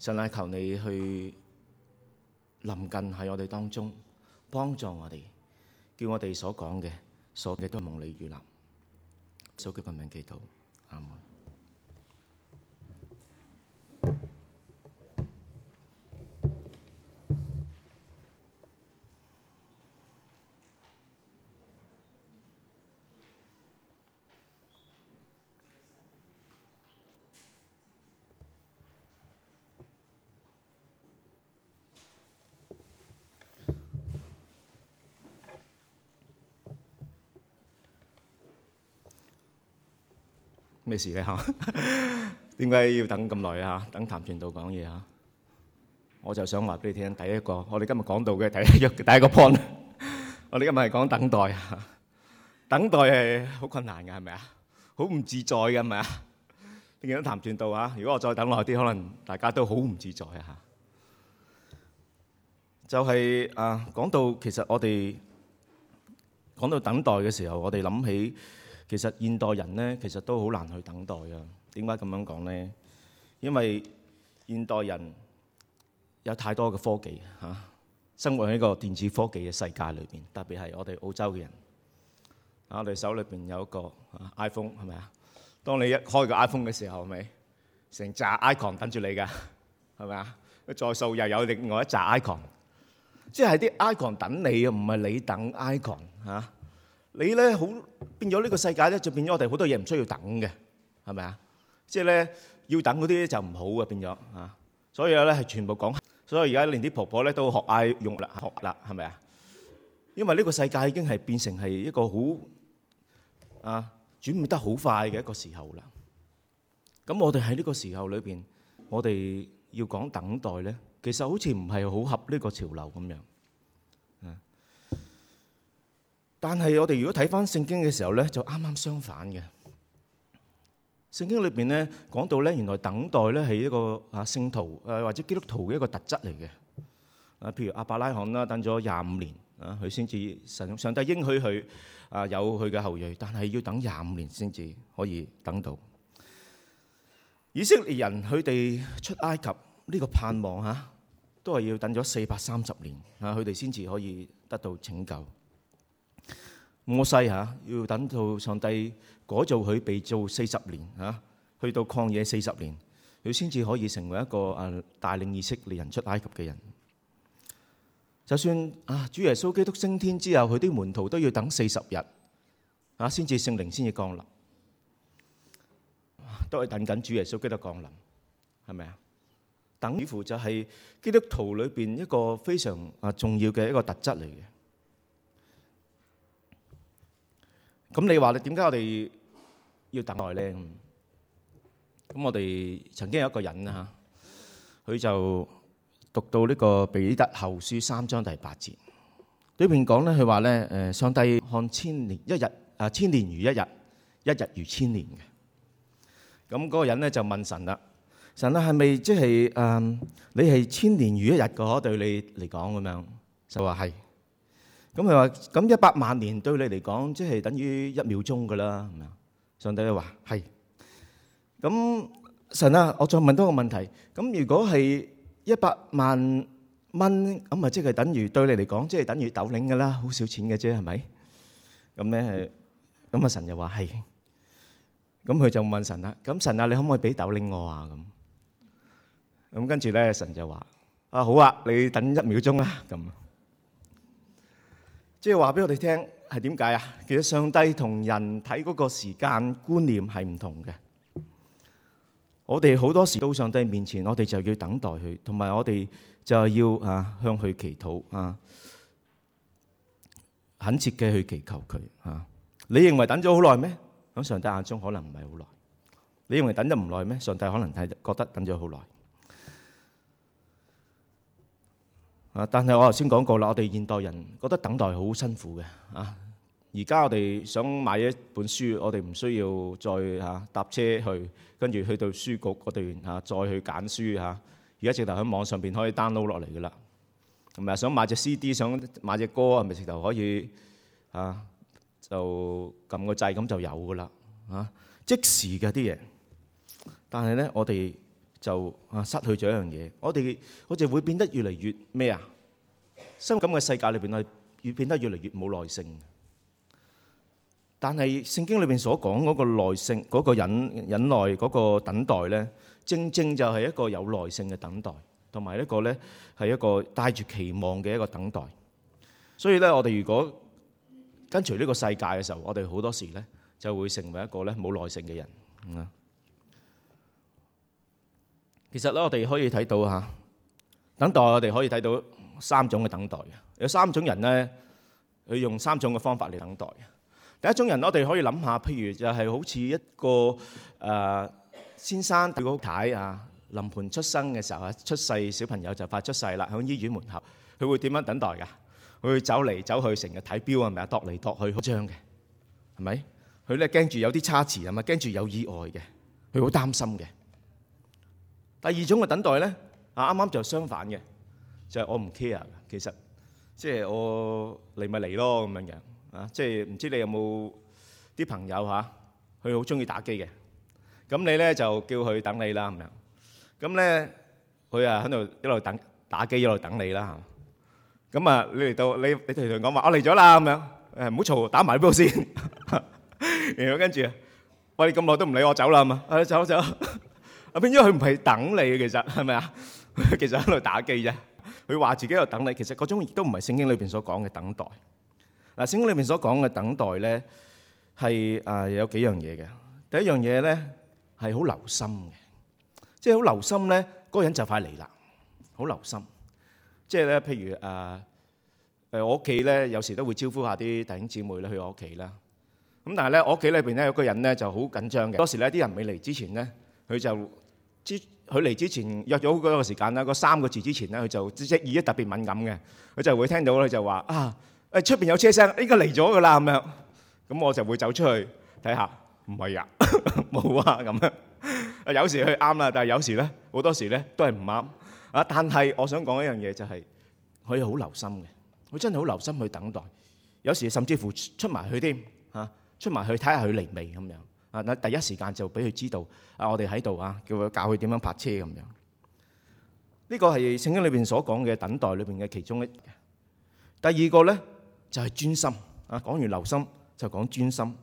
神啊，求你去臨近喺我哋當中，幫助我哋，叫我哋所講嘅，所有嘅都係蒙你預立。求佢個名，祈禱，阿門。咩事咧嚇？點解要等咁耐啊？等譚傳道講嘢嚇，我就想話俾你聽。第一個，我哋今日講到嘅第一個，第一個 point，我哋今日係講等待嚇。等待係好困難嘅，係咪啊？好唔自在嘅，係咪啊？你見到譚傳道啊？如果我再等耐啲，可能大家都好唔自在啊！嚇，就係啊，講到其實我哋講到等待嘅時候，我哋諗起。其實現代人咧，其實都好難去等待㗎！點解咁樣講咧？因為現代人有太多嘅科技嚇、啊，生活喺一個電子科技嘅世界裏邊。特別係我哋澳洲嘅人，啊、我哋手裏邊有一個 iPhone 係咪啊？IPhone，當你一開個 iPhone 嘅時候，係咪成扎 icon 等住你㗎係咪啊？再數又有另外一紮 icon，即係啲 icon 等你啊，唔係你等 icon 嚇、啊。你咧，好變咗呢個世界咧，就變咗我哋好多嘢唔需要等嘅，係咪啊？即係咧要等嗰啲就唔好嘅變咗啊！所以咧係全部講，所以而家連啲婆婆咧都學嗌用啦，學啦係咪啊？因為呢個世界已經係變成係一個好啊轉變得好快嘅一個時候啦。咁我哋喺呢個時候裏邊，我哋要講等待咧，其實好似唔係好合呢個潮流咁樣。但係，我哋如果睇翻聖經嘅時候咧，就啱啱相反嘅。聖經裏邊咧講到咧，原來等待咧係一個啊聖徒誒或者基督徒嘅一個特質嚟嘅啊。譬如亞伯拉罕啦，等咗廿五年啊，佢先至神上帝應許佢啊有佢嘅後裔，但係要等廿五年先至可以等到。以色列人佢哋出埃及呢個盼望吓，都係要等咗四百三十年啊，佢哋先至可以得到拯救。我細吓，要等到上帝改造佢，被造四十年吓，去到曠野四十年，佢先至可以成為一個誒帶領以色列人出埃及嘅人。就算啊，主耶穌基督升天之後，佢啲門徒都要等四十日啊，先至聖靈先至降臨，都係等緊主耶穌基督降臨，係咪啊？等候就係基督徒裏邊一個非常啊重要嘅一個特質嚟嘅。咁你話咧，點解我哋要等待咧？咁我哋曾經有一個人啦嚇，佢就讀到呢、這個彼得後書三章第八節，裏邊講咧佢話咧誒上帝看千年一日啊，千年如一日，一日如千年嘅。咁、那、嗰個人咧就問神啦，神啦，係咪即係誒你係千年如一日嘅？對你嚟講咁樣就話係。咁佢話咁一百萬年對你嚟講，即係等於一秒鐘噶啦。咁樣，上帝就話係。咁神啊，我再問多個問題。咁如果係一百萬蚊，咁啊即係等於對你嚟講，即係等於斗零噶啦，好少錢嘅啫，係咪？咁咧係，咁啊神就話係。咁佢就問神啦，咁神啊，你可唔可以俾斗零我啊？咁咁跟住咧，神就話：啊好啊，你等一秒鐘啊。咁即係話俾我哋聽，係點解啊？其實上帝同人睇嗰個時間觀念係唔同嘅。我哋好多時到上帝面前，我哋就要等待佢，同埋我哋就係要啊向佢祈禱啊，懇切嘅去祈求佢啊。你認為等咗好耐咩？喺上帝眼中可能唔係好耐。你認為等得唔耐咩？上帝可能睇覺得等咗好耐。啊！但係我頭先講過啦，我哋現代人覺得等待好辛苦嘅啊！而家我哋想買一本書，我哋唔需要再嚇、啊、搭車去，跟住去到書局嗰度嚇再去揀書嚇。而、啊、家直頭喺網上邊可以 download 落嚟噶啦。同、啊、埋想買隻 CD，想買隻歌，係咪直頭可以嚇、啊、就撳個掣咁就有噶啦啊！即時嘅啲嘢，但係咧我哋。就啊，失去咗一樣嘢。我哋我哋會變得越嚟越咩啊？心甘嘅世界裏邊啊，越變得越嚟越冇耐性。但係聖經裏邊所講嗰個耐性、嗰個忍忍耐、嗰個等待咧，正正就係一個有耐性嘅等待，同埋一個咧係一個帶住期望嘅一個等待。所以咧，我哋如果跟隨呢個世界嘅時候，我哋好多時咧就會成為一個咧冇耐性嘅人啊。其實咧，我哋可以睇到嚇，等待我哋可以睇到三種嘅等待嘅，有三種人咧，佢用三種嘅方法嚟等待嘅。第一種人，我哋可以諗下，譬如就係好似一個誒先生、嘅太太啊臨盆出生嘅時候啊，出世小朋友就快出世啦，喺醫院門口，佢會點樣等待噶？佢會走嚟走去，成日睇表，係咪啊？踱嚟踱去，好慌張嘅，係咪？佢咧驚住有啲差池係咪？驚住有意外嘅，佢好擔心嘅。第二種嘅等待咧，啊啱啱就相反嘅，就係我唔 care，其實即係我嚟咪嚟咯咁樣嘅，啊即係唔知你有冇啲朋友吓，佢好中意打機嘅，咁你咧就叫佢等你啦咁樣，咁咧佢啊喺度一路等打機一路等你啦，咁啊你嚟到你你同佢講話，我嚟咗啦咁樣，誒唔好嘈，打埋啲波先，然後跟住喂你咁耐都唔理我走啦係嘛？啊走走。啊，變咗佢唔係等你嘅，其實係咪啊？其實喺度打機啫。佢話自己喺度等你，其實嗰種亦都唔係聖經裏邊所講嘅等待。嗱，聖經裏邊所講嘅等待咧，係啊有幾樣嘢嘅。第一樣嘢咧係好留心嘅，即係好留心咧，嗰個人就快嚟啦。好留心，即係咧，譬如啊，誒，我屋企咧有時都會招呼下啲弟兄姊妹咧去我屋企啦。咁但係咧，我屋企裏邊咧有個人咧就好緊張嘅，多時咧啲人未嚟之前咧。佢就之佢嚟之前約咗好多個時間啦，嗰三個字之前咧，佢就即係耳一特別敏感嘅，佢就會聽到佢就話啊，誒出邊有車聲，應該嚟咗噶啦咁樣，咁我就會走出去睇下，唔係啊，冇啊咁樣。有時佢啱啦，但係有時咧好多時咧都係唔啱啊。但係我想講一樣嘢就係，佢係好留心嘅，佢真係好留心去等待，有時甚至乎出埋去添嚇，出埋去睇下佢嚟未咁樣。啊！第一時間就俾佢知道，啊，我哋喺度啊，叫佢教佢點樣泊車咁樣。呢個係聖經裏邊所講嘅等待裏邊嘅其中一。第二個咧就係專心。啊，講完留心就講專心，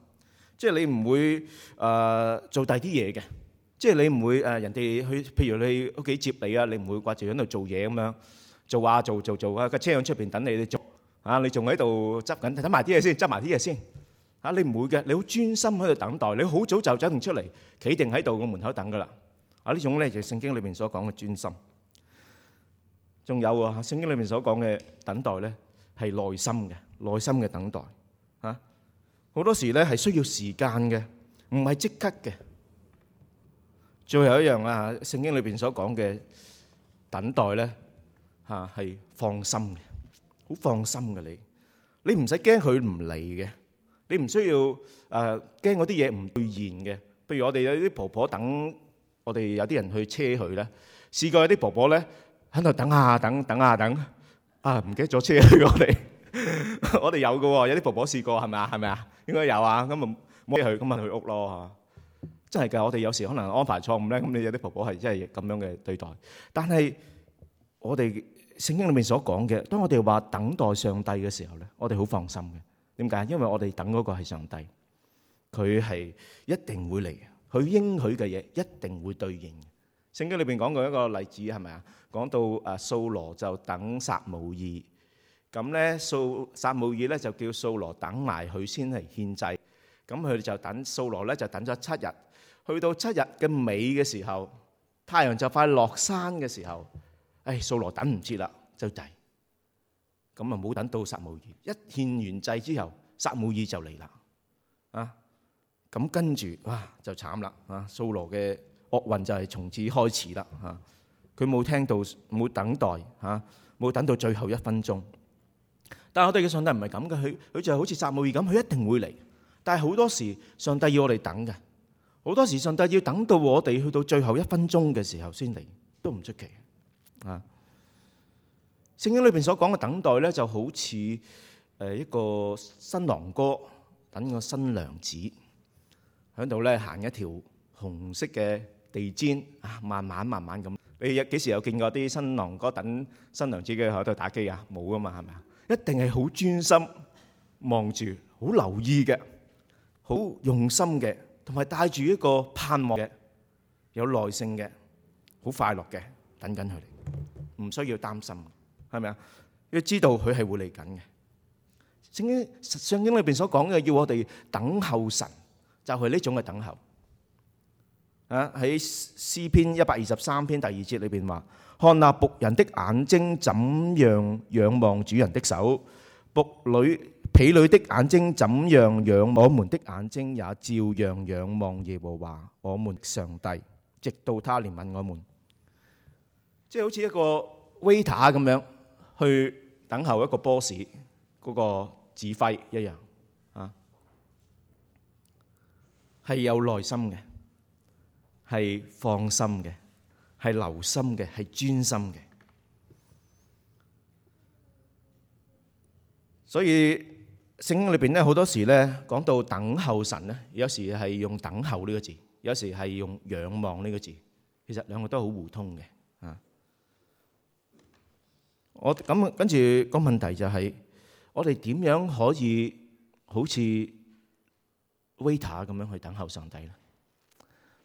即係你唔會誒做第啲嘢嘅，即係你唔會誒人哋去，譬如你屋企接你啊，你唔會掛住喺度做嘢咁樣，做啊做做做啊架車喺出邊等你哋做啊，你仲喺度執緊執埋啲嘢先，執埋啲嘢先。啊！你唔會嘅，你好專心喺度等待，你好早就走唔出嚟，企定喺度個門口等噶啦。啊！呢種咧就聖經裏面所講嘅專心，仲有啊，聖經裏面所講嘅等待咧係耐心嘅，耐心嘅等待啊。好多時咧係需要時間嘅，唔係即刻嘅。最後一樣啊，聖經裏邊所講嘅等待咧吓，係放心嘅，好放心嘅你，你唔使驚佢唔嚟嘅。你唔需要誒驚嗰啲嘢唔兌現嘅。譬如我哋有啲婆婆等我哋有啲人去車佢咧，試過有啲婆婆咧喺度等下等，等下等，啊唔記得咗車去我哋，我哋有㗎喎，有啲婆婆試過係咪啊？係咪啊？應該有啊，咁咪冇車去，咁咪去屋咯嚇。真係㗎，我哋有時可能安排錯誤咧，咁你有啲婆婆係真係咁樣嘅對待，但係我哋聖經裏面所講嘅，當我哋話等待上帝嘅時候咧，我哋好放心嘅。點解？因為我哋等嗰個係上帝，佢係一定會嚟嘅。佢應許嘅嘢一定會兌現。聖經裏邊講過一個例子，係咪啊？講到誒掃羅就等撒母耳，咁咧掃撒母耳咧就叫掃羅等埋佢先嚟獻祭。咁佢哋就等掃羅咧就等咗七日。去到七日嘅尾嘅時候，太陽就快落山嘅時候，誒掃羅等唔切啦，就祭。咁啊，冇等到撒母耳，一獻完祭之後，撒母耳就嚟啦，啊！咁跟住，哇，就慘啦，啊！掃羅嘅厄運就係從此開始啦，啊！佢冇聽到，冇等待，嚇，冇等到最後一分鐘。但係我哋嘅上帝唔係咁嘅，佢佢就係好似撒母耳咁，佢一定會嚟。但係好多時，上帝要我哋等嘅，好多時上帝要等到我哋去到最後一分鐘嘅時候先嚟，都唔出奇啊。聖經裏邊所講嘅等待咧，就好似誒一個新郎哥等個新娘子，喺度咧行一條紅色嘅地氈啊，慢慢慢慢咁。你有幾時有見過啲新郎哥等新娘子嘅喺度打機啊？冇啊嘛，係咪啊？一定係好專心，望住，好留意嘅，好用心嘅，同埋帶住一個盼望嘅，有耐性嘅，好快樂嘅，等緊佢哋，唔需要擔心。係咪啊？要知道佢係會嚟緊嘅。聖經上經裏邊所講嘅，要我哋等候神，就係呢種嘅等候。啊，喺詩篇一百二十三篇第二節裏邊話：看那僕人的眼睛怎樣仰望主人的手，僕女婢女的眼睛怎樣仰，我們的眼睛也照樣仰望耶和華，我們上帝，直到他憐憫我們。即係好似一個 waiter 咁樣。去等候一個 boss 嗰個指揮一樣啊，係有耐心嘅，係放心嘅，係留心嘅，係專心嘅。所以聖經裏邊咧好多時咧講到等候神咧，有時係用等候呢個字，有時係用仰望呢個字，其實兩個都好互通嘅。我咁跟住個問題就係：我哋點樣可以好似 waiter 咁樣去等候上帝咧？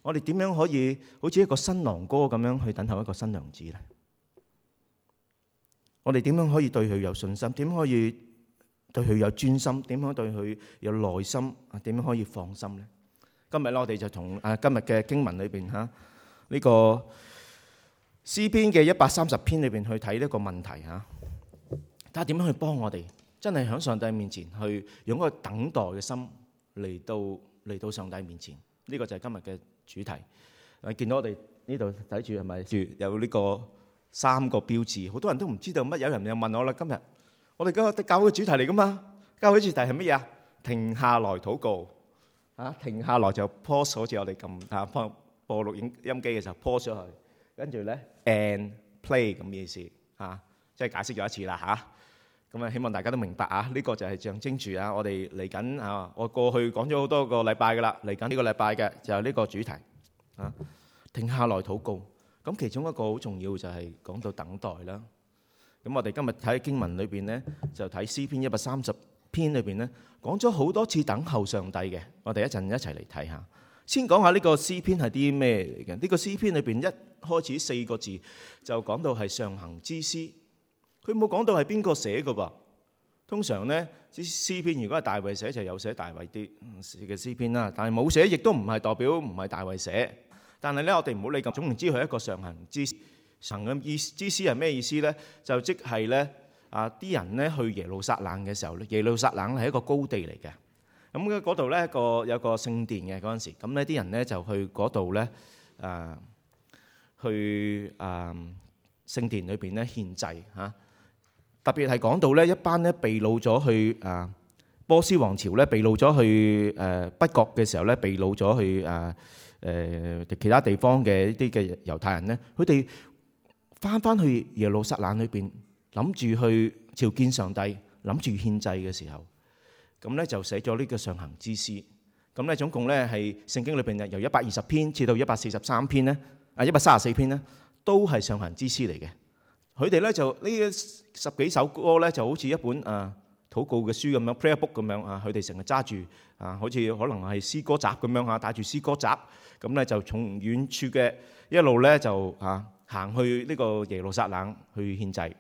我哋點樣可以好似一個新郎哥咁樣去等候一個新娘子咧？我哋點樣可以對佢有信心？點可以對佢有專心？點樣對佢有耐心？點樣可以放心咧？今日咧，我哋就同啊今日嘅經文裏邊吓呢個。詩篇嘅一百三十篇裏邊去睇呢個問題嚇，睇下點樣去幫我哋，真係喺上帝面前去用嗰個等待嘅心嚟到嚟到上帝面前。呢、這個就係今日嘅主題、啊。見到我哋呢度睇住係咪住有呢個三個標誌？好多人都唔知道乜。有人又問我啦，今日我哋嗰個教會主題嚟噶嘛？教會主題係乜嘢啊？停下來禱告啊！停下來就 pause 好似我哋撳下放播錄音機嘅時候 pause 出去。跟住咧，and play 咁嘅意思吓，即係解釋咗一次啦吓咁啊，希望大家都明白啊，呢個就係象徵住啊，我哋嚟緊啊，我過去講咗好多個禮拜噶啦，嚟緊呢個禮拜嘅就係呢個主題啊。停下來禱告。咁其中一個好重要就係講到等待啦。咁我哋今日睇經文裏面咧，就睇詩篇一百三十篇裏邊咧，講咗好多次等候上帝嘅。我哋一陣一齊嚟睇下。先講下呢個詩篇係啲咩嚟嘅？呢個詩篇裏邊一開始四個字就講到係上行之詩，佢冇講到係邊個寫嘅噃。通常呢，啲詩篇如果係大衛寫就有寫大衛啲嘅詩篇啦，但係冇寫，亦都唔係代表唔係大衛寫。但係呢，我哋唔好理咁。總言之，佢係一個上行之詩神嘅意思，之詩係咩意思呢？就即係呢，啊啲人呢去耶路撒冷嘅時候呢，耶路撒冷係一個高地嚟嘅。咁嘅嗰度咧，個有個聖殿嘅嗰陣時，咁呢啲人咧就去嗰度咧，誒、呃、去誒、呃、聖殿裏邊咧獻祭嚇、啊。特別係講到咧一班咧被擄咗去誒、啊、波斯王朝咧被擄咗去誒北國嘅時候咧被擄咗去誒誒、呃、其他地方嘅一啲嘅猶太人咧，佢哋翻翻去耶路撒冷裏邊，諗住去朝見上帝，諗住獻祭嘅時候。咁咧就寫咗呢個上行之詩。咁咧總共咧係聖經裏邊啊，由一百二十篇至到一百四十三篇咧，啊一百三十四篇咧，都係上行之詩嚟嘅。佢哋咧就呢十幾首歌咧，就好似一本啊禱告嘅書咁樣，prayer book 咁樣啊，佢哋成日揸住啊，好似可能係詩歌集咁樣嚇，帶住詩歌集咁咧就從遠處嘅一路咧就啊行去呢個耶路撒冷去獻祭，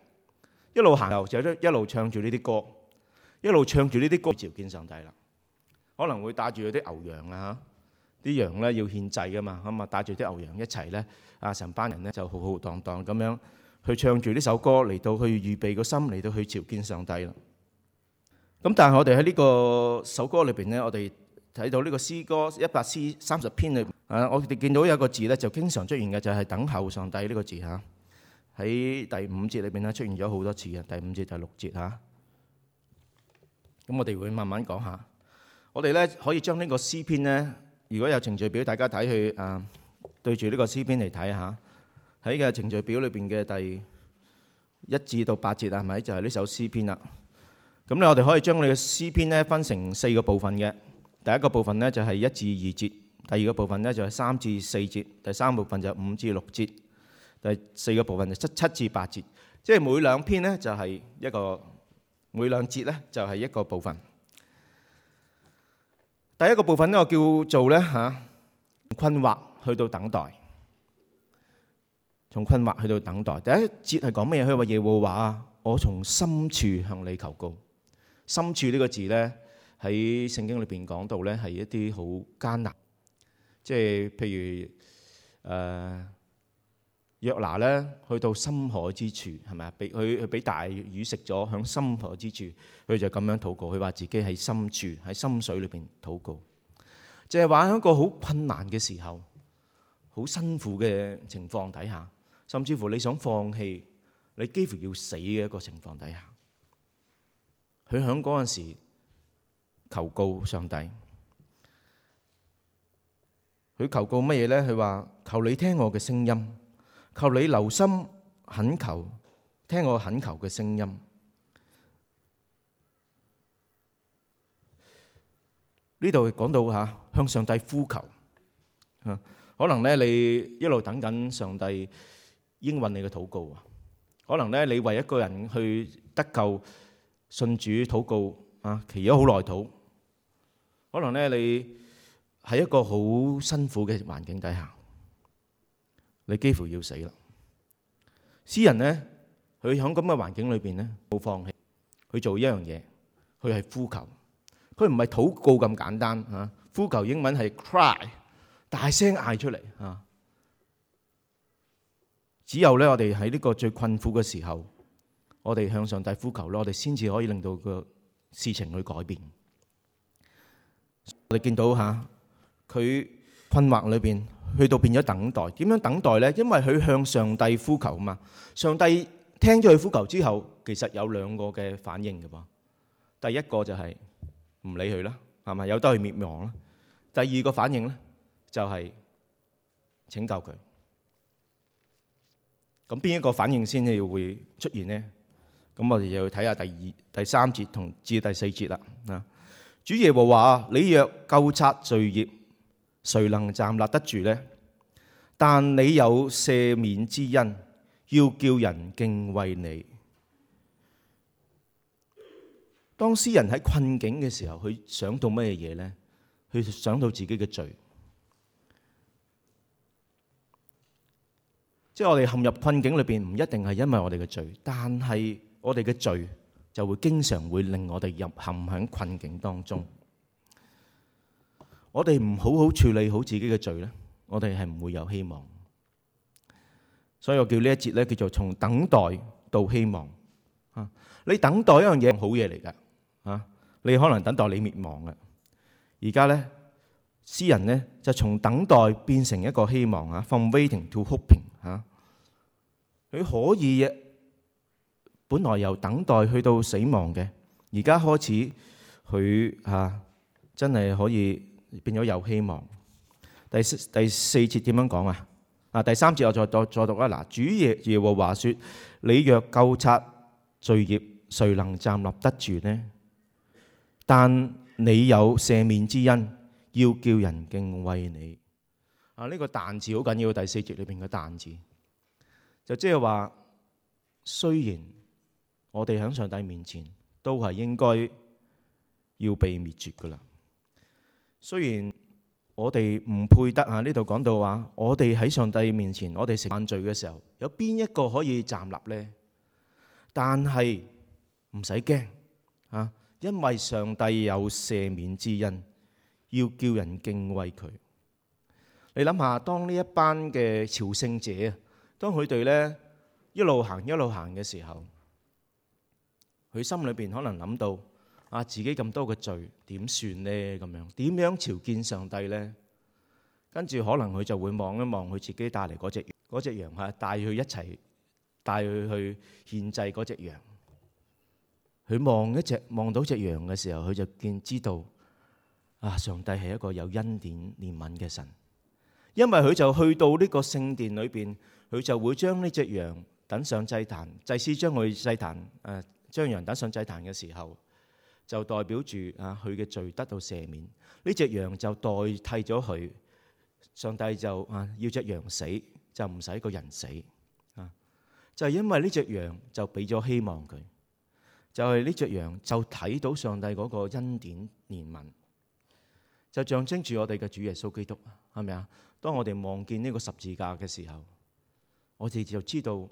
一路行又就一路唱住呢啲歌。一路唱住呢啲歌，朝見上帝啦。可能會帶住啲牛羊啊，啲羊咧要獻祭噶嘛，咁啊帶住啲牛羊一齊咧，啊成班人咧就浩浩蕩蕩咁樣去唱住呢首歌嚟，到去預備個心嚟到去朝見上帝啦。咁但係我哋喺呢個首歌裏邊咧，我哋睇到呢個詩歌一百詩三十篇嘅，啊我哋見到有一個字咧就經常出現嘅，就係等候上帝呢個字啊。喺第五節裏邊咧出現咗好多次嘅，第五節第六節啊。咁我哋會慢慢講下，我哋咧可以將呢個詩篇咧，如果有程序表，大家睇去啊、呃，對住呢個詩篇嚟睇下，喺嘅程序表裏邊嘅第一至到八節啊，係咪就係呢首詩篇啦？咁咧我哋可以將你嘅詩篇咧分成四個部分嘅，第一個部分咧就係一至二節，第二個部分咧就係三至四節，第三部分就五至六節，第四個部分就七七至八節，即係每兩篇咧就係一個。每兩節咧就係一個部分。第一個部分咧我叫做咧嚇，困惑去到等待，從困惑去到等待。第一節係講乜嘢？佢話耶和華啊，我從深處向你求告。深處呢個字咧喺聖經裏邊講到咧係一啲好艱難，即係譬如誒。約拿咧去到深海之處，係咪啊？俾佢佢俾大魚食咗，喺深海之處，佢就咁樣禱告。佢話自己喺深處，喺深水裏邊禱告，就係話喺一個好困難嘅時候，好辛苦嘅情況底下，甚至乎你想放棄，你幾乎要死嘅一個情況底下，佢喺嗰陣時求告上帝。佢求告乜嘢咧？佢話求你聽我嘅聲音。求你留心懇求，聽我懇求嘅聲音。呢度講到吓向上帝呼求，可能咧你一路等緊上帝應允你嘅禱告啊，可能咧你為一個人去得救信主禱告啊，祈咗好耐禱，可能咧你喺一個好辛苦嘅環境底下。你幾乎要死啦！詩人咧，佢喺咁嘅環境裏邊咧，冇放棄去做一樣嘢，佢係呼求，佢唔係禱告咁簡單嚇。呼求英文係 cry，大聲嗌出嚟嚇。只有咧，我哋喺呢個最困苦嘅時候，我哋向上帝呼求咯，我哋先至可以令到個事情去改變。我哋見到嚇，佢困惑裏邊。去到變咗等待，點樣等待咧？因為佢向上帝呼求啊嘛！上帝聽咗佢呼求之後，其實有兩個嘅反應嘅噃。第一個就係唔理佢啦，係咪有得佢滅亡啦？第二個反應咧，就係拯救佢。咁邊一個反應先係會出現咧？咁我哋又要睇下第二、第三節同至第四節啦。啊，主耶和華啊，你若究察罪孽，誰能站立得住咧？但你有赦免之恩，要叫人敬畏你。當詩人喺困境嘅時候，佢想到咩嘢嘢呢？佢想到自己嘅罪。即係我哋陷入困境裏邊，唔一定係因為我哋嘅罪，但係我哋嘅罪就會經常會令我哋入陷喺困境當中。我哋唔好好處理好自己嘅罪呢？我哋係唔會有希望，所以我叫呢一節咧叫做從等待到希望。啊，你等待一樣嘢好嘢嚟㗎，啊，你可能等待你滅亡嘅。而家咧，詩人咧就從等待變成一個希望啊，from waiting to hoping 啊，佢可以嘅，本來由等待去到死亡嘅，而家開始佢啊，真係可以變咗有希望。第四第四節點樣講啊？啊，第三節我再我再我再讀啊！嗱，主耶耶和華説：你若究察罪孽，誰能站立得住呢？但你有赦免之恩，要叫人敬畏你。啊，呢、這個但字好緊要，第四節裏邊嘅但字，就即係話，雖然我哋喺上帝面前都係應該要被滅絕噶啦，雖然。我哋唔配得啊！呢度講到話，我哋喺上帝面前，我哋成犯罪嘅時候，有邊一個可以站立呢？但係唔使驚啊，因為上帝有赦免之恩，要叫人敬畏佢。你諗下，當呢一班嘅朝聖者，當佢哋呢一路行一路行嘅時候，佢心裏邊可能諗到。啊！自己咁多嘅罪點算呢？咁樣點樣朝見上帝呢？跟住可能佢就會望一望佢自己帶嚟嗰隻隻羊嚇，帶佢一齊帶佢去獻祭嗰隻羊。佢望一隻望到隻羊嘅時候，佢就見知道啊！上帝係一個有恩典憐憫嘅神，因為佢就去到呢個聖殿裏邊，佢就會將呢隻羊登上祭壇。即將他祭司將佢祭壇誒將羊登上祭壇嘅時候。就代表住啊，佢嘅罪得到赦免。呢隻羊就代替咗佢，上帝就啊要隻羊死，就唔使個人死啊。就係因為呢隻羊就俾咗希望佢，就係呢隻羊就睇到上帝嗰個恩典憐憫，就象徵住我哋嘅主耶穌基督係咪啊？當我哋望見呢個十字架嘅時候，我哋就知道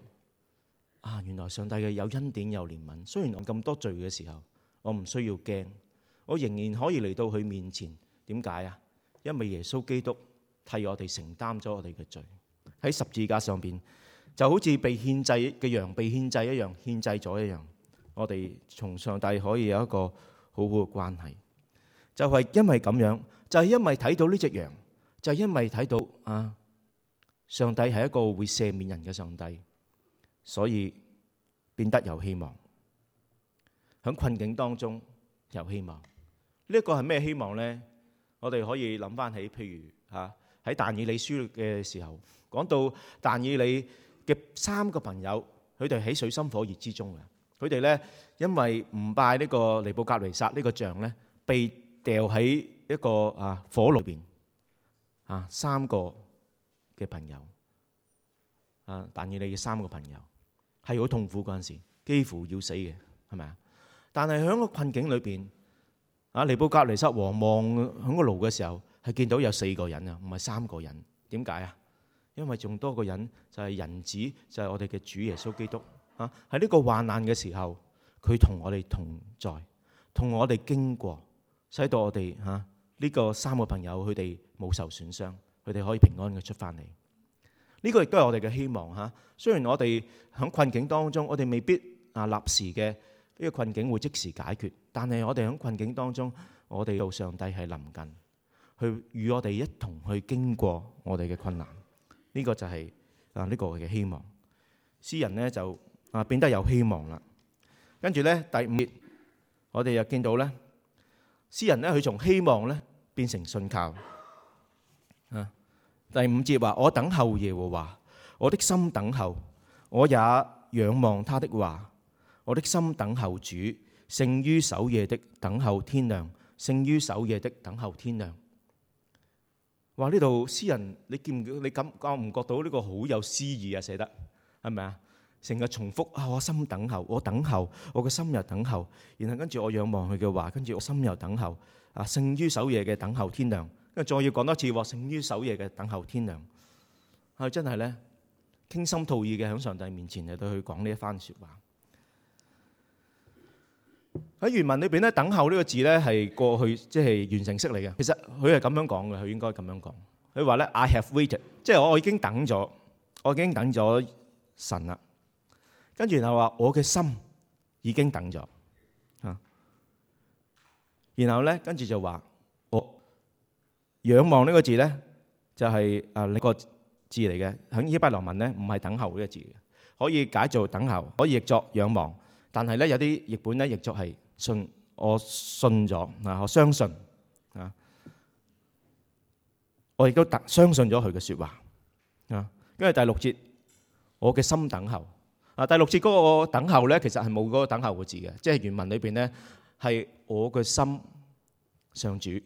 啊，原來上帝嘅有恩典有憐憫。雖然我咁多罪嘅時候。我唔需要驚，我仍然可以嚟到佢面前。點解啊？因為耶穌基督替我哋承擔咗我哋嘅罪，喺十字架上邊就好似被獻祭嘅羊被獻祭一樣，獻祭咗一樣。我哋從上帝可以有一個好好嘅關係，就係、是、因為咁樣，就係、是、因為睇到呢隻羊，就係、是、因為睇到啊上帝係一個會赦免人嘅上帝，所以變得有希望。喺困境當中有希望，呢一個係咩希望咧？我哋可以諗翻起，譬如嚇喺但以理書嘅時候講到但以理嘅三個朋友，佢哋喺水深火熱之中嘅，佢哋咧因為唔拜呢個尼布甲尼撒呢個像咧，被掉喺一個啊火爐邊啊，三個嘅朋友啊但以理嘅三個朋友係好痛苦嗰陣時，幾乎要死嘅，係咪啊？但係喺個困境裏邊，啊，尼布甲尼撒王望喺個爐嘅時候，係見到有四個人啊，唔係三個人。點解啊？因為仲多個人就係人子，就係、是、我哋嘅主耶穌基督啊。喺呢個患難嘅時候，佢同我哋同在，同我哋經過，使到我哋吓呢個三個朋友佢哋冇受損傷，佢哋可以平安嘅出翻嚟。呢、這個亦都係我哋嘅希望吓、啊。雖然我哋喺困境當中，我哋未必啊立時嘅。呢個困境會即時解決，但係我哋喺困境當中，我哋睇到上帝係臨近，去與我哋一同去經過我哋嘅困難。呢、這個就係啊呢個嘅希望。詩人呢就啊變得有希望啦。跟住呢，第五節，我哋又見到呢，詩人呢，佢從希望呢變成信靠。啊，第五節話：我等候耶和華，我的心等候，我也仰望他的話。我的心等候主，勝於守夜的等候天亮，勝於守夜的等候天亮。話呢度詩人，你見唔你感覺唔覺到呢個好有詩意啊？寫得係咪啊？成日重複我心等候，我等候，我個心又等候，然後跟住我仰望佢嘅話，跟住我心又等候啊。勝於守夜嘅等候天亮，跟住再要講多次喎。勝於守夜嘅等候天亮，係真係咧，傾心吐意嘅，喺上帝面前嚟對佢講呢一番說話。喺原文裏邊咧，等候呢個字咧係過去即係完成式嚟嘅。其實佢係咁樣講嘅，佢應該咁樣講。佢話咧，I have waited，即係我已經等咗，我已經等咗神啦。跟住然後話我嘅心已經等咗啊。然後咧，跟住就話我仰望呢個字咧就係啊，呢個字嚟嘅。喺希伯來文咧唔係等候呢個字嘅，可以解做等候，可以譯作仰望。但係咧，有啲譯本咧，譯作係信，我信咗嗱，我相信啊，我亦都特相信咗佢嘅説話啊，因為第六節我嘅心等候啊，第六節嗰個等候咧，其實係冇嗰個等候個字嘅，即係原文裏邊咧係我嘅心上主，咁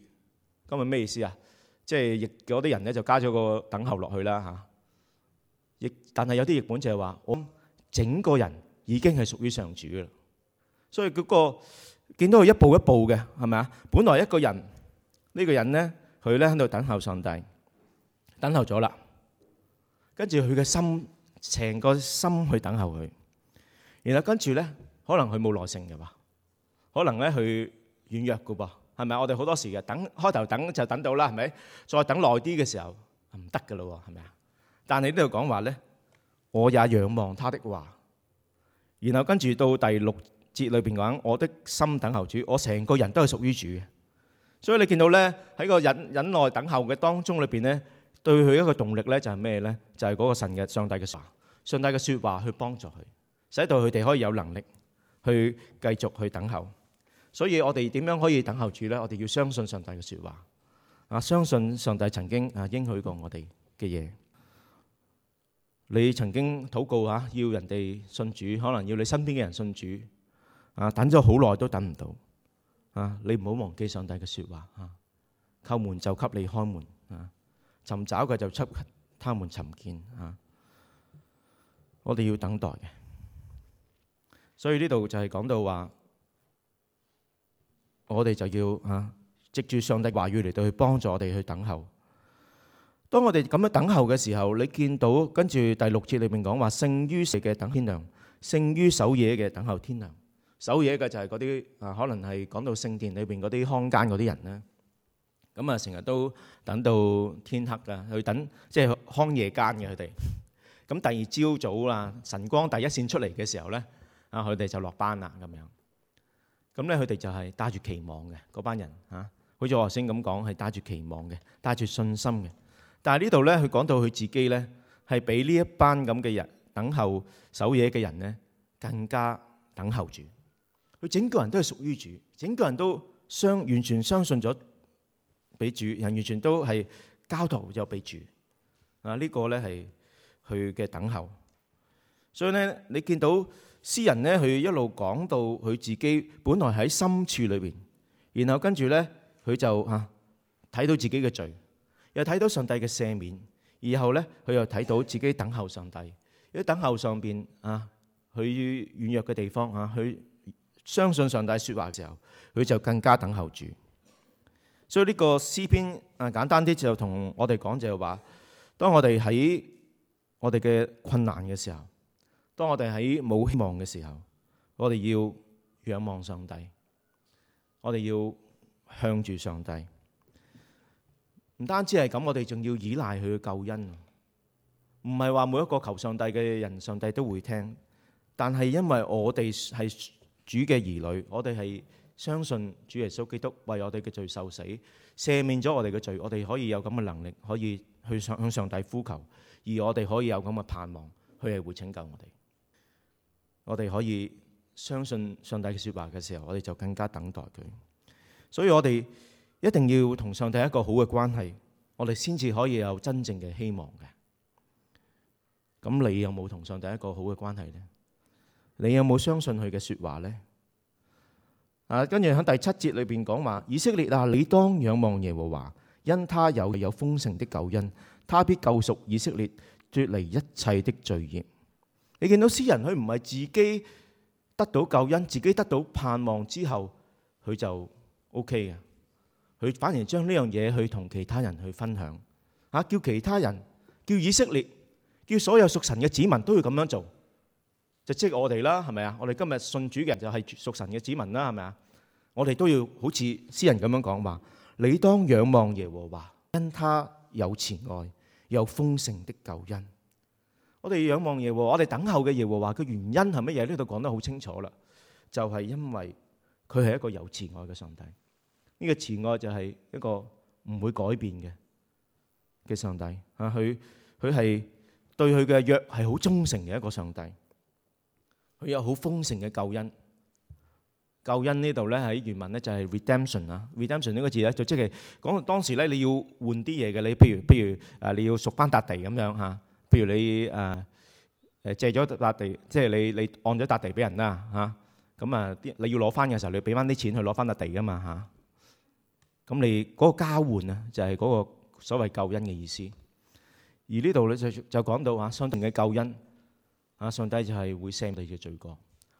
係咩意思啊？即係譯嗰啲人咧就加咗個等候落去啦嚇，亦但係有啲譯本就係話我整個人。已經係屬於上主嘅啦，所以嗰個見到佢一步一步嘅係咪啊？本來一個人呢個人咧，佢咧喺度等候上帝，等候咗啦。跟住佢嘅心，成個心去等候佢。然後跟住咧，可能佢冇耐性嘅話，可能咧佢軟弱嘅噃，係咪啊？我哋好多時嘅等開頭等就等到啦，係咪？再等耐啲嘅時候唔得嘅啦，係咪啊？但係你呢度講話咧，我也仰望他的話。然後跟住到第六節裏面講，我的心等候主，我成個人都係屬於主。所以你見到呢，喺個忍忍耐等候嘅當中裏面呢，呢對佢一個動力呢，就係咩呢？就係嗰個神嘅上帝嘅話，上帝嘅說話去幫助佢，使到佢哋可以有能力去繼續去等候。所以我哋點樣可以等候主呢？我哋要相信上帝嘅說話，啊，相信上帝曾經啊應許過我哋嘅嘢。你曾經禱告嚇、啊，要人哋信主，可能要你身邊嘅人信主啊，等咗好耐都等唔到啊！你唔好忘記上帝嘅説話啊，叩門就給你開門啊，尋找嘅就出他們尋見啊！我哋要等待嘅，所以呢度就係講到話，我哋就要啊，藉住上帝話語嚟到去幫助我哋去等候。當我哋咁樣等候嘅時候，你見到跟住第六節裏邊講話，勝於食嘅等天亮，勝於守夜嘅等候天亮。守夜嘅就係嗰啲啊，可能係講到聖殿裏邊嗰啲康間嗰啲人咧。咁啊，成日都等到天黑啦，去等即係康夜間嘅佢哋。咁第二朝早啦，晨光第一線出嚟嘅時候咧，啊，佢哋就落班啦咁樣。咁咧，佢哋就係帶住期望嘅嗰班人啊，好似我頭先咁講，係帶住期望嘅，帶住信心嘅。但係呢度咧，佢講到佢自己咧，係比呢一班咁嘅人等候守夜嘅人咧，更加等候住。佢整個人都係屬於主，整個人都相完全相信咗俾主，人完全都係交託咗俾主。啊，這個、呢個咧係佢嘅等候。所以咧，你見到詩人咧，佢一路講到佢自己本來喺深處裏邊，然後跟住咧，佢就啊、睇到自己嘅罪。又睇到上帝嘅赦免，然後咧佢又睇到自己等候上帝。如果等候上面啊，佢軟弱嘅地方啊，佢相信上帝説話嘅時候，佢就更加等候住。所以呢個詩篇啊，簡單啲就同我哋講就係話，當我哋喺我哋嘅困難嘅時候，當我哋喺冇希望嘅時候，我哋要仰望上帝，我哋要向住上帝。唔單止係咁，我哋仲要依賴佢嘅救恩，唔係話每一個求上帝嘅人，上帝都會聽。但係因為我哋係主嘅兒女，我哋係相信主耶穌基督為我哋嘅罪受死，赦免咗我哋嘅罪，我哋可以有咁嘅能力，可以去向上帝呼求，而我哋可以有咁嘅盼望，佢係會拯救我哋。我哋可以相信上帝嘅說話嘅時候，我哋就更加等待佢。所以我哋。一定要同上帝一個好嘅關係，我哋先至可以有真正嘅希望嘅。咁你有冇同上帝一個好嘅關係呢？你有冇相信佢嘅說話呢？啊，跟住喺第七節裏邊講話，以色列啊，你當仰望耶和華，因他有有豐盛的救恩，他必救贖以色列，脫離一切的罪孽。你見到詩人，佢唔係自己得到救恩，自己得到盼望之後，佢就 OK 嘅。佢反而將呢樣嘢去同其他人去分享、啊，吓叫其他人，叫以色列，叫所有屬神嘅子民都要咁樣做，就即係我哋啦，係咪啊？我哋今日信主嘅人就係屬神嘅子民啦，係咪啊？我哋都要好似詩人咁樣講話：你當仰望耶和華，因他有慈愛，有豐盛的救恩。我哋仰望耶和，我哋等候嘅耶和華嘅原因係乜嘢？呢度講得好清楚啦，就係、是、因為佢係一個有慈愛嘅上帝。呢個慈愛就係一個唔會改變嘅嘅上帝啊！佢佢係對佢嘅約係好忠誠嘅一個上帝。佢有好豐盛嘅救恩。救恩呢度咧喺原文咧就係 redemption 啊。redemption 呢個字咧就即係講到當時咧你要換啲嘢嘅，你譬如譬如啊你要贖翻笪地咁樣嚇，譬如你誒誒、呃、借咗笪地，即係你你按咗笪地俾人啦嚇。咁啊，你要攞翻嘅時候，你俾翻啲錢去攞翻笪地㗎嘛嚇。咁你嗰個交換啊，就係嗰個所謂救恩嘅意思。而呢度咧就就講到啊，相對嘅救恩啊，上帝就係會赦免你嘅罪過。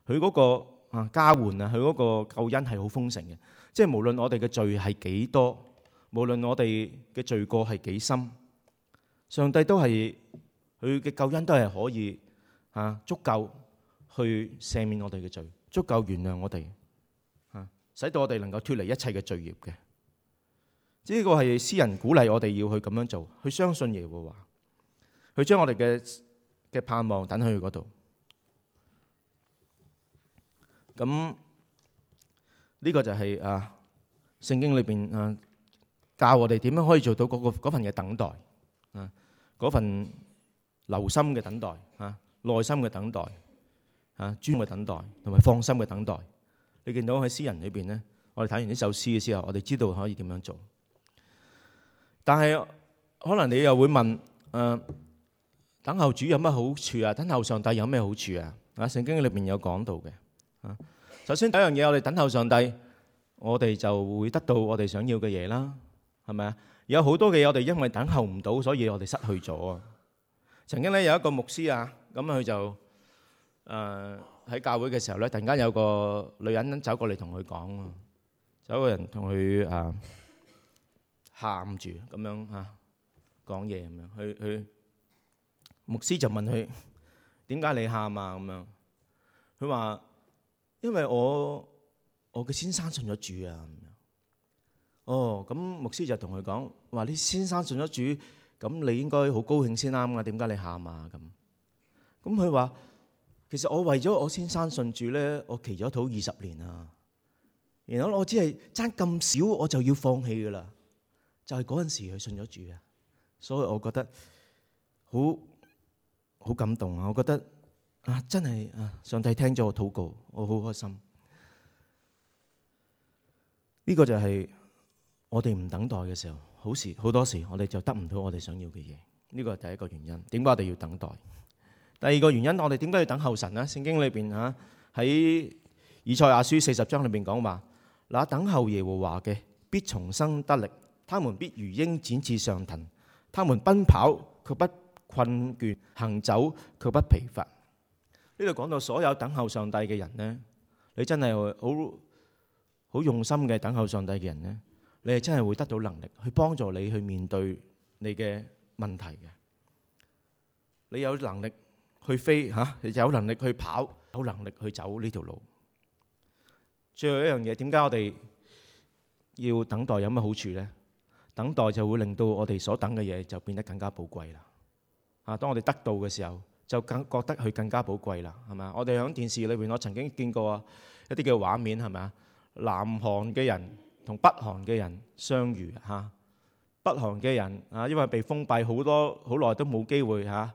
佢嗰個啊交換啊，佢嗰個救恩係好豐盛嘅。即係無論我哋嘅罪係幾多，無論我哋嘅罪過係幾深，上帝都係佢嘅救恩都係可以啊足夠去赦免我哋嘅罪，足夠原諒我哋啊，使到我哋能夠脱離一切嘅罪業嘅。呢個係詩人鼓勵我哋要去咁樣做，去相信耶和華，去將我哋嘅嘅盼望等喺佢嗰度。咁呢個就係啊聖經裏邊啊教我哋點樣可以做到嗰個份嘅等待啊，嗰份留心嘅等待啊，內心嘅等待啊，專嘅等待同埋放心嘅等待。你見到喺詩人裏邊咧，我哋睇完呢首詩嘅時候，我哋知道可以點樣做。但係可能你又會問：誒，等候主有乜好處啊？等候上帝有咩好處啊？啊，聖經裏面有講到嘅。首先第一樣嘢，我哋等候上帝，我哋就會得到我哋想要嘅嘢啦，係咪啊？有好多嘅嘢，我哋因為等候唔到，所以我哋失去咗。曾經咧有一個牧師啊，咁佢就誒喺教會嘅時候咧，突然間有個女人走過嚟同佢講，走個人同佢誒。喊住咁樣嚇講嘢咁樣，佢佢牧師就問佢點解你喊啊？咁樣佢話因為我我嘅先生信咗主啊。哦，咁牧師就同佢講話：你先生信咗主，咁你應該好高興先啱啊？點解你喊啊？咁咁佢話其實我為咗我先生信主咧，我祈咗禱二十年啊。然後我只係爭咁少，我就要放棄㗎啦。就係嗰陣時，佢信咗主啊，所以我覺得好好感動啊！我覺得啊，真係啊，上帝聽咗我禱告，我好開心。呢個就係我哋唔等待嘅時候，好時好多時，我哋就得唔到我哋想要嘅嘢。呢個係第一個原因，點解我哋要等待？第二個原因，我哋點解要等候神咧？聖經裏邊吓喺以賽亞書四十章裏邊講話：嗱，等候耶和華嘅，必重生得力。他們必如鷹展翅上騰，他們奔跑卻不困倦，行走卻不疲乏。呢度講到所有等候上帝嘅人呢，你真係好好用心嘅等候上帝嘅人呢，你係真係會得到能力去幫助你去面對你嘅問題嘅。你有能力去飛嚇，你有能力去跑，有能力去走呢條路。最後一樣嘢，點解我哋要等待有乜好處呢？等待就會令到我哋所等嘅嘢就變得更加寶貴啦！啊，當我哋得到嘅時候，就更覺得佢更加寶貴啦，係咪？我哋喺電視裏邊，我曾經見過啊一啲嘅畫面，係咪啊？南韓嘅人同北韓嘅人相遇，嚇、啊、北韓嘅人啊，因為被封閉好多好耐都冇機會嚇、啊、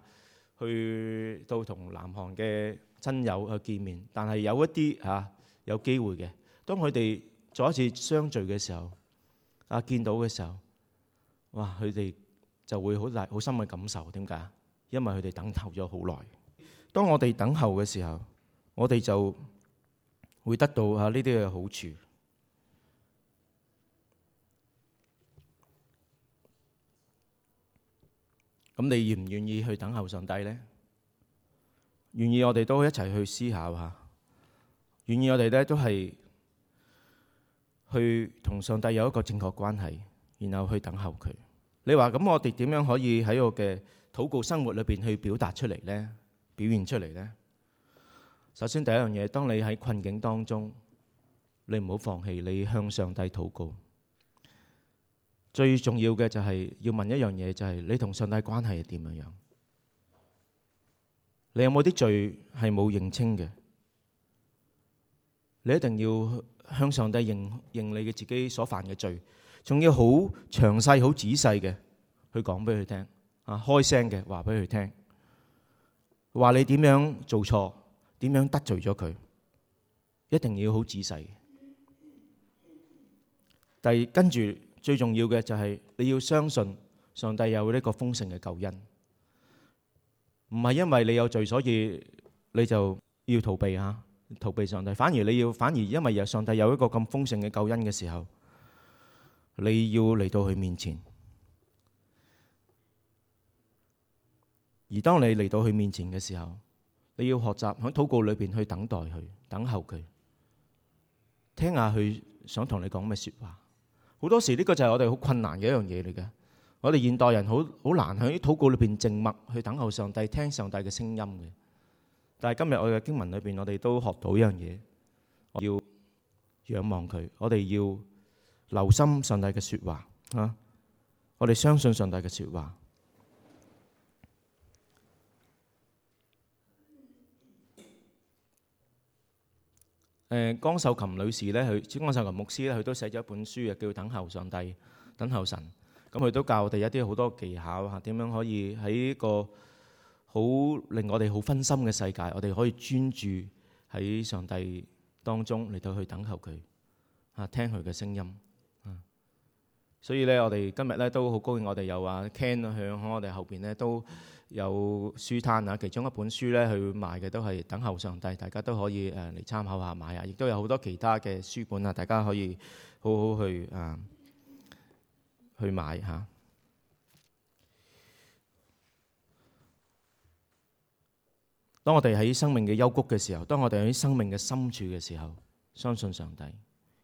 去到同南韓嘅親友去見面，但係有一啲嚇、啊、有機會嘅，當佢哋再一次相聚嘅時候，啊見到嘅時候。哇！佢哋就會好大、好深嘅感受，點解？因為佢哋等候咗好耐。當我哋等候嘅時候，我哋就會得到啊呢啲嘅好處。咁你願唔願意去等候上帝咧？願意，我哋都一齊去思考下。願意我哋，我哋咧都係去同上帝有一個正確關係。然後去等候佢。你話咁，我哋點樣可以喺我嘅禱告生活裏邊去表達出嚟呢？表現出嚟呢？首先第一樣嘢，當你喺困境當中，你唔好放棄，你向上帝禱告。最重要嘅就係要問一樣嘢，就係你同上帝關係係點樣樣？你有冇啲罪係冇認清嘅？你一定要向上帝認認你嘅自己所犯嘅罪。仲要好詳細、好仔細嘅去講俾佢聽，啊開聲嘅話俾佢聽，話你點樣做錯，點樣得罪咗佢，一定要好仔細。第二，跟住最重要嘅就係、是、你要相信上帝有呢個豐盛嘅救恩，唔係因為你有罪所以你就要逃避吓，逃避上帝。反而你要反而因為有上帝有一個咁豐盛嘅救恩嘅時候。你要嚟到佢面前，而當你嚟到佢面前嘅時候，你要學習喺禱告裏邊去等待佢，等候佢，聽下佢想同你講咩說話。好多時呢個就係我哋好困難嘅一樣嘢嚟嘅。我哋現代人好好難喺禱告裏邊靜默去等候上帝，聽上帝嘅聲音嘅。但係今日我嘅經文裏邊，我哋都學到一樣嘢，我要仰望佢。我哋要。留心上帝嘅説話啊！我哋相信上帝嘅説話。誒、呃，江秀琴女士咧，佢江秀琴牧師咧，佢都寫咗一本書啊，叫《等候上帝》，等候神。咁佢、嗯、都教我哋一啲好多技巧嚇，點、啊、樣可以喺個好令我哋好分心嘅世界，我哋可以專注喺上帝當中嚟到去等候佢啊，聽佢嘅聲音。所以咧，我哋今日咧都好高興，我哋有話 k e n 響我哋後邊咧都有書攤啊。其中一本書咧，佢賣嘅都係等候上帝，大家都可以誒嚟參考下買啊。亦都有好多其他嘅書本啊，大家可以好好去誒去買嚇。當我哋喺生命嘅幽谷嘅時候，當我哋喺生命嘅深處嘅時候，相信上帝，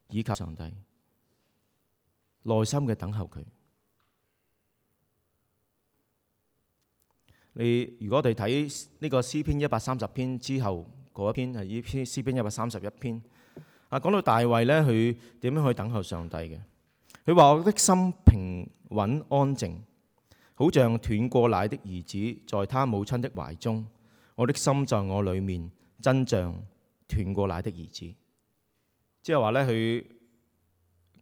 以及上帝。內心嘅等候佢。你如果我哋睇呢個詩篇一百三十篇之後嗰一篇係呢篇詩篇一百三十一篇，啊，講到大衛咧，佢點樣去等候上帝嘅？佢話，我的心平穩安靜，好像斷過奶的兒子在他母親的懷中。我的心在我裏面，真像斷過奶的兒子。即係話咧，佢。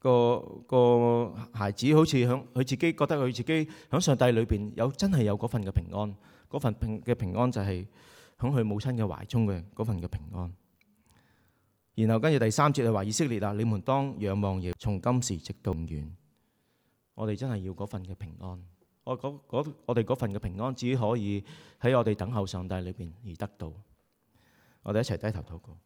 個個孩子好似響佢自己覺得佢自己響上帝裏邊有真係有嗰份嘅平安，嗰份平嘅平安就係響佢母親嘅懷中嘅嗰份嘅平安。然後跟住，第三節就話，以色列啊，你們當仰望耶，從今時直到永遠。我哋真係要嗰份嘅平安，我嗰嗰我哋嗰份嘅平安只可以喺我哋等候上帝裏邊而得到。我哋一齊低頭禱告。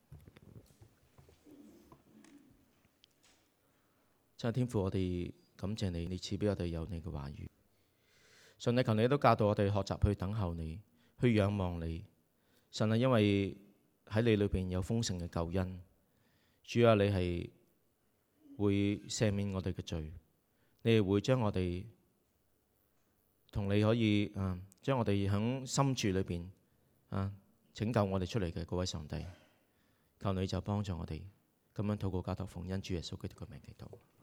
真係天父，我哋感謝你，你賜俾我哋有你嘅話語。神啊，求你都教導我哋學習去等候你，去仰望你。神啊，因為喺你裏邊有豐盛嘅救恩，主啊，你係會赦免我哋嘅罪，你亦會將我哋同你可以啊，將我哋響深處裏邊啊拯救我哋出嚟嘅嗰位上帝。求你就幫助我哋咁樣禱告教，交託奉恩，主耶穌基督嘅名祈禱。